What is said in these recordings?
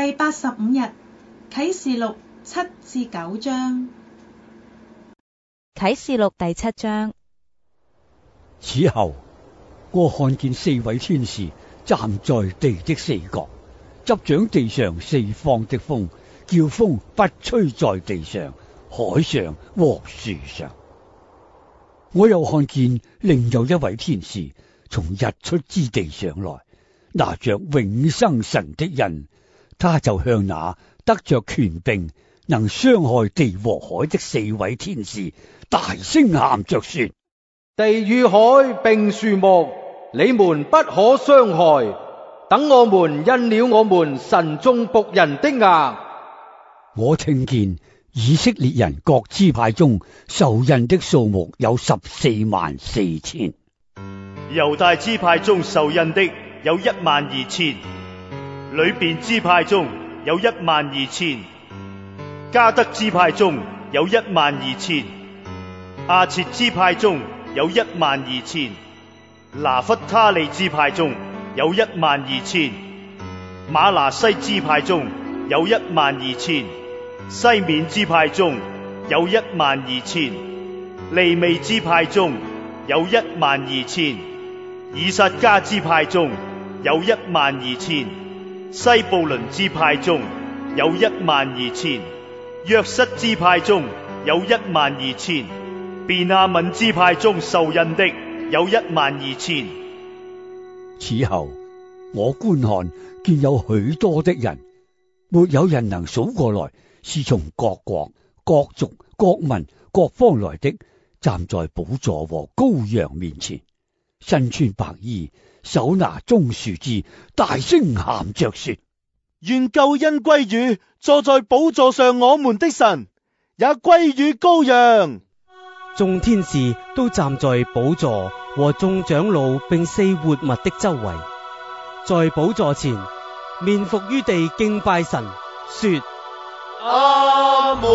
第八十五日，《啟示錄》七至九章，《啟示錄》第七章。此後，我看見四位天使站在地的四角，執掌地上四方的風，叫風不吹在地上、海上和樹上。我又看見另有一位天使從日出之地上來，拿着永生神的印。他就向那得着權柄能傷害地和海的四位天使大聲喊着說：地與海並樹木，你們不可傷害，等我們印了我們神中僕人的牙。我聽見以色列人各支派中受印的數目有十四萬四千，猶大支派中受印的有一萬二千。裏邊支派中有一萬二千，加德支派中有一萬二千，阿切支派中有一萬二千，拿弗他利支派中有一萬二千，馬拿西支派中有一萬二千，西緬支派中有一萬二千，利未支派中有一萬二千，以薩迦支派中有一萬二千。西布倫支派中有一萬二千，約瑟支派中有一萬二千，便雅憫支派中受印的有一萬二千。此後，我觀看，見有許多的人，沒有人能數過來，是從各國、各族、各民、各方來的，站在寶座和羔羊面前。身穿白衣，手拿棕樹枝，大聲喊着說：願救恩歸於坐在寶座上我們的神，也歸於羔羊。眾天使都站在寶座和眾長老並四活物的周圍，在寶座前，面伏於地敬拜神，說：阿門，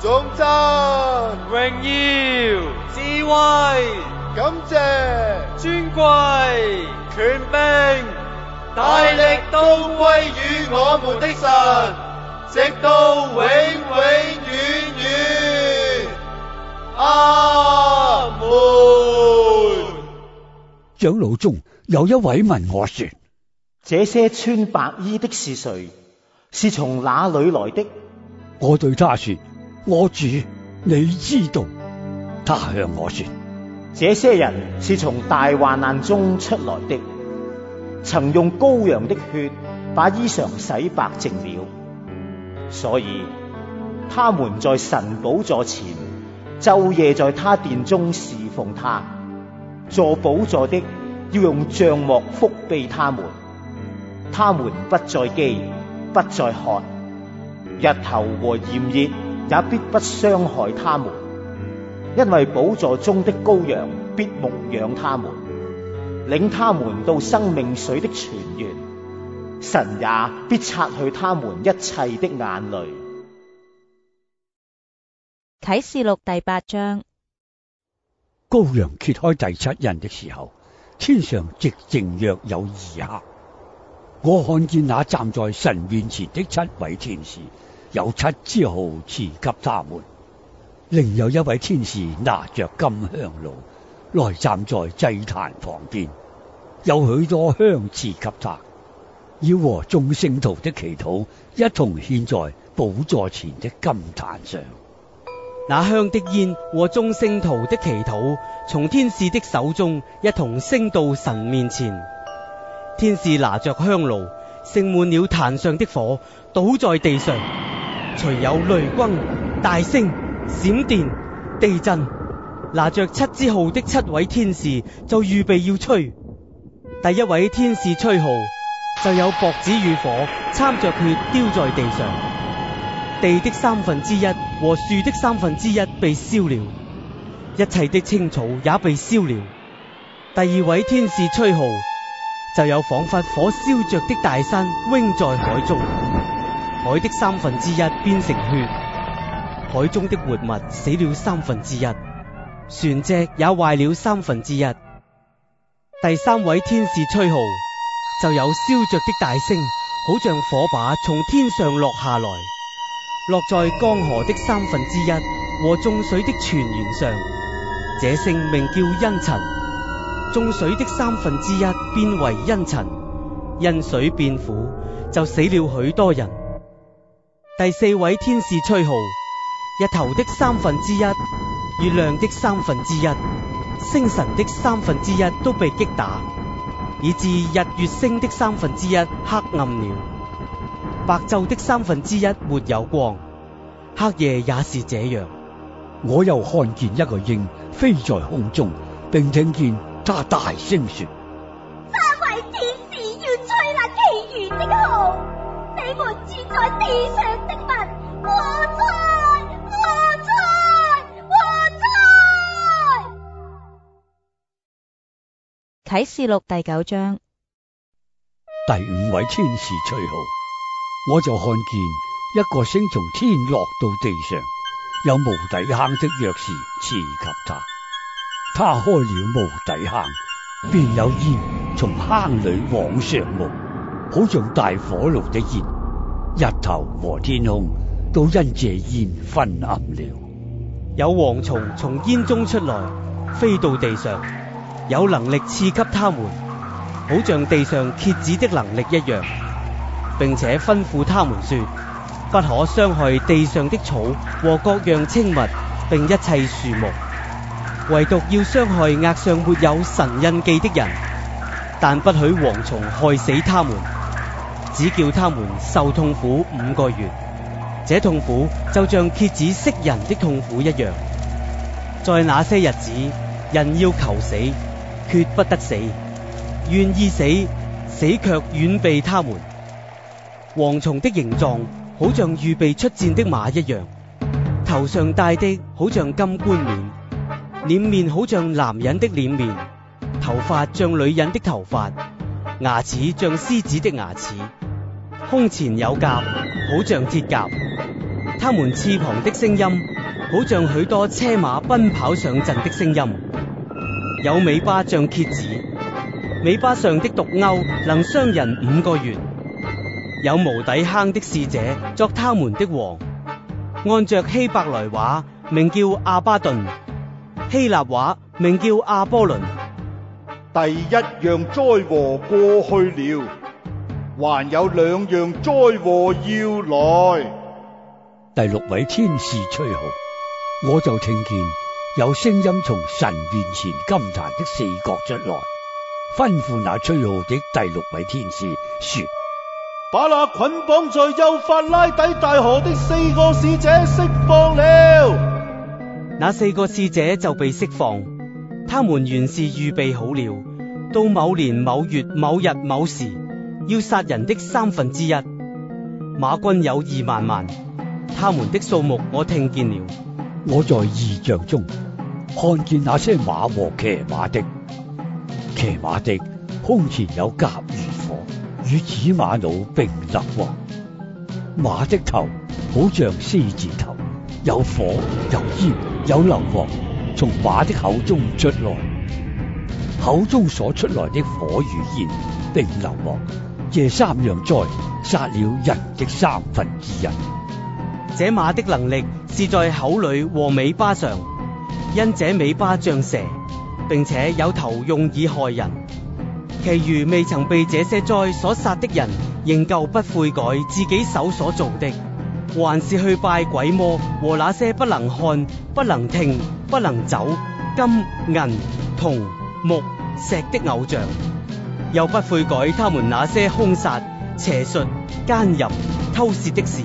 頌讚榮耀。智慧，感謝尊貴權柄大力都歸於我們的神，直到永永遠遠。阿門。長老中有一位問我說：這些穿白衣的是誰？是從哪裏來的？我對他說：我主，你知道。他向我說：這些人是從大患難中出來的，曾用羔羊的血把衣裳洗白淨了，所以他們在神寶座前晝夜在他殿中侍奉他。坐寶座的要用帳幕覆庇他們，他們不再飢，不再渴，日頭和炎熱也必不傷害他們。因為寶座中的羔羊必牧養他們，領他們到生命水的泉源，神也必擦去他們一切的眼淚。啟示錄第八章，羔羊揭開第七印的時候，天上寂靜約有二刻。我看見那站在神面前的七位天使，有七枝號賜給他們。另有一位天使拿着金香爐，來站在祭壇旁邊，有許多香賜給他，要和眾聖徒的祈禱一同獻在寶座前的金壇上。那香的煙和眾聖徒的祈禱，從天使的手中一同升到神面前。天使拿着香爐，盛滿了壇上的火，倒在地上，隨有雷轟大聲。閃電、地震，拿着七支號的七位天使就預備要吹。第一位天使吹號，就有雹子與火摻着血丟在地上，地的三分之一和樹的三分之一被燒了，一切的青草也被燒了。第二位天使吹號，就有仿佛火燒着的大山扔在海中，海的三分之一變成血。海中的活物死了三分之一，船隻也壞了三分之一。第三位天使吹號，就有燒着的大星，好像火把從天上落下來，落在江河的三分之一和眾水的泉源上。這星名叫茵蔯，眾水的三分之一變為茵蔯，因水變苦，就死了許多人。第四位天使吹號。日頭的三分之一，月亮的三分之一，星辰的三分之一都被擊打，以致日、月、星的三分之一黑暗了。白晝的三分之一沒有光，黑夜也是這樣。我又看見一個鷹飛在空中，並聽見它大聲說：三位天使要吹那其餘的號，你們住在地上的。啟示錄第九章，第五位天使吹號，我就看見一個星從天落到地上，有無底坑的鑰匙賜給他，他開了無底坑，便有煙從坑裏往上冒，好像大火爐的煙，日頭和天空都因這煙昏暗了，有蝗蟲從煙中出來，飛到地上。有能力賜給他們，好像地上蠍子的能力一樣，並且吩咐他們說，不可傷害地上的草和各樣青物並一切樹木，唯獨要傷害額上沒有神印記的人，但不許蝗蟲害死他們，只叫他們受痛苦五個月，這痛苦就像蠍子螫人的痛苦一樣，在那些日子人要求死。決不得死，願意死，死卻遠避他們。蝗蟲的形狀好像預備出戰的馬一樣，頭上戴的好像金冠冕，臉面好像男人的臉面，頭髮像女人的頭髮，牙齒像獅子的牙齒，胸前有甲，好像鐵甲。他們翅膀的聲音，好像許多車馬奔跑上陣的聲音。有尾巴像蠍子，尾巴上的毒鈎能傷人五個月。有無底坑的使者作他們的王。按着希伯來話名叫亞巴頓，希臘話名叫阿波倫。第一樣災禍過去了，還有兩樣災禍要來。第六位天使吹號，我就聽見。有聲音從神面前金壇的四角出來，吩咐那吹號的第六位天使說：把那捆綁在幼發拉底大河的四個使者釋放了。那四個使者就被釋放。他們原是預備好了，到某年某月某日某時，要殺人的三分之一。馬軍有二萬萬，他們的數目我聽見了。我在異象中看見那些馬和騎馬的，騎馬的胸前有甲如火，與紫瑪瑙並硫磺。馬的頭好像獅子頭，有火有煙有硫磺從馬的口中出來，口中所出來的火與煙並硫磺，這三樣災殺了人嘅三分之一。這馬的能力是在口裏和尾巴上，因這尾巴像蛇，並且有頭用以害人。其餘未曾被這些災所殺的人，仍舊不悔改自己手所做的，還是去拜鬼魔和那些不能看、不能聽、不能走、金銀銅木石的偶像，又不悔改他們那些凶殺、邪術、奸淫、偷竊的事。